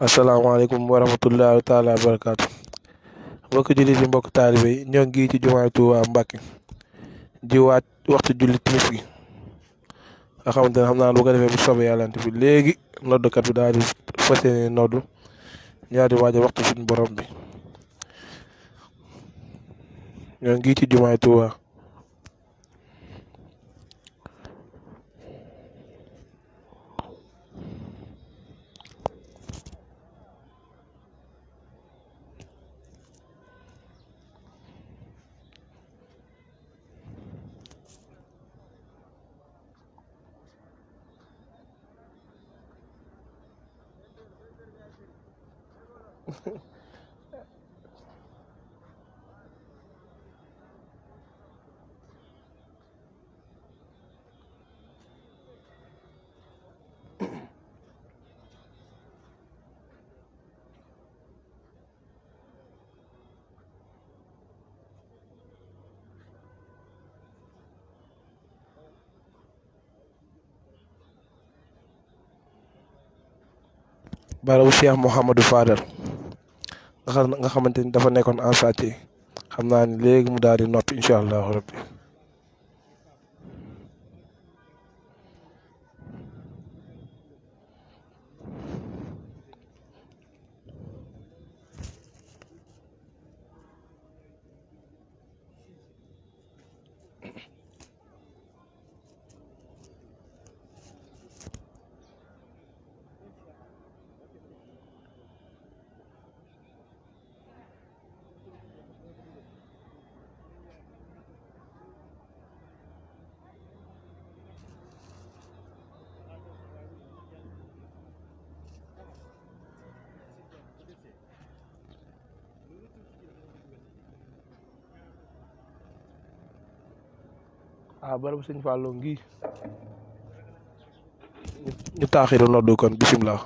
asalaamaaleykum wa rahmatullahi taala wa barakaatu mbokki jullit yi mbokk taalibe yi ñoo ngi ci jumaay Tuubaa Mbàkke di waaj waxtu julli timis gi nga xam naa bu ko defee bu soobee yàllante bi léegi noddukat bi daal di fas noddu ñoo ngi ci jumaay Tuubaa baru usia Muhammad Fadl. nga xamante ni dafa nekkoon en chantier xam naa ni léegi mu daal di noppi incha allahu rabbi ah barabu sëñ Fallou ngi ñu taaxiru noddu kon bisimilah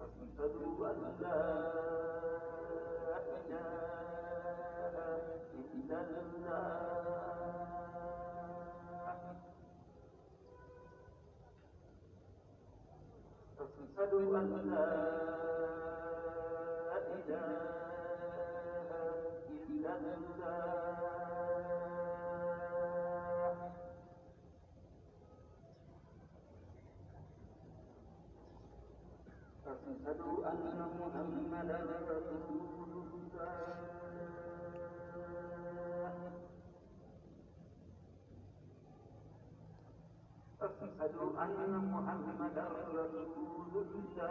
فاذكروا أن أن لا إله إلا الله فاشهدوا أن محمدا رسول الله فاشهدوا أن محمدا رسول الله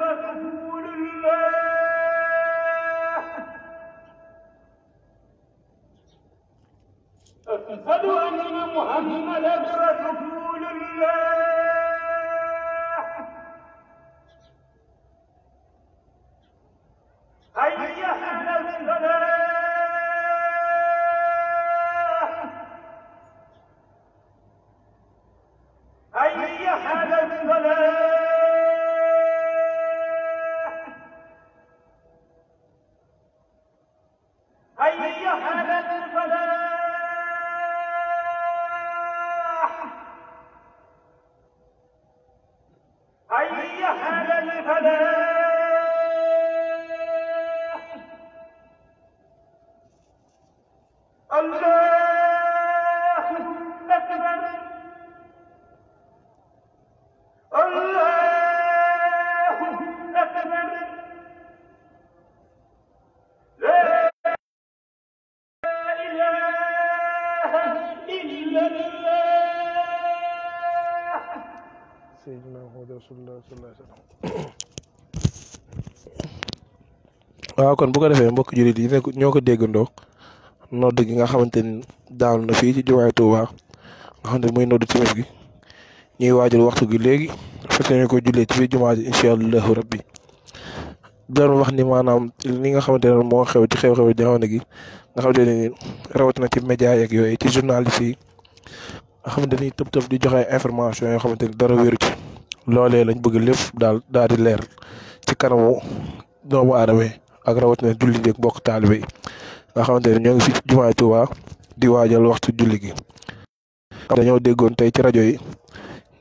نبرة waaw kon bu ko defee mbokk jullit yi ñoo ko déggandoo nodd gi nga xamante ni daal na fii ci jumaay nga xam ne mooy noddu timis gi ñuy waajal waxtu gi léegi fas yéene ko jullee ci biir jumaa ji incha allahu rabbi doon wax ni maanaam li nga xamante ne moo xew ci xew-xew jamono gi nga xamante ne rawatina ci média yeeg yooyu ci journaliste yi nga xamante ni tëb di joxe information yoo xamante ni dara wéru ci loolee lañ bëgg lépp daal daal di leer ci kanamu doomu aadama yi ak rawatina julli yeeg mbokk taalibe yi nga xamante ne ñoo ngi fi jumaa Tuubaa di waajal waxtu julli gi. am dañoo déggoon tey ci rajo yi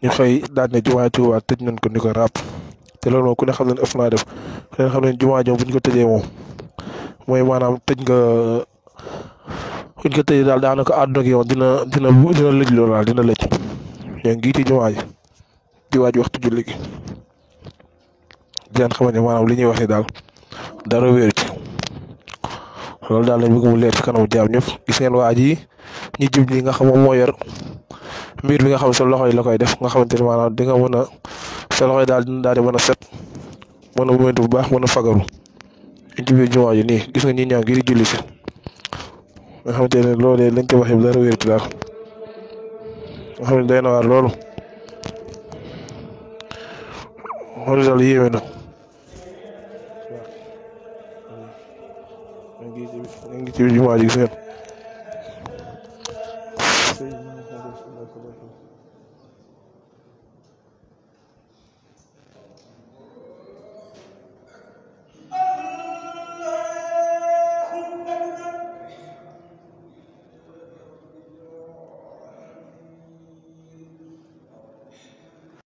ñu xëy daan ne jumaa Tuubaa tëj nañ ko ni ko ràpp te loolu moom ku ne xam ne ëpp naa def ku ne xam ne jumaa jom bu ñu ko tëjee moom mooy maanaam tëj nga bu ñu ko tëjee daal daanaka àdduna gi yoon dina dina dina lëj loolu daal dina lëj ñoo ngi ci jumaa ji di waaj waxtu julli gi di leen xamal ne maanaam li ñuy wax ni daal dara wéeru ci loolu daal lañ bëgg mu leer ci kanamu jaam ñëpp gis ngeen waa ji ñu jub ñi nga xam moom moo yor mbir bi nga xam sa loxo yi la koy def nga xamante ni maanaam di nga mën a sa loxo yi daal dina daal di mën a set mën a moytu bu baax mën a fagaru ñu jubee jumaa ji nii gis nga ñi ñaa ngir julli si nga xamante ne loolee lañ ko waxee dara wér ci daal nga xam ne doy na waar loolu loolu daal yéeme na ngi ci jumaa ji gis ngeen vocês. Né?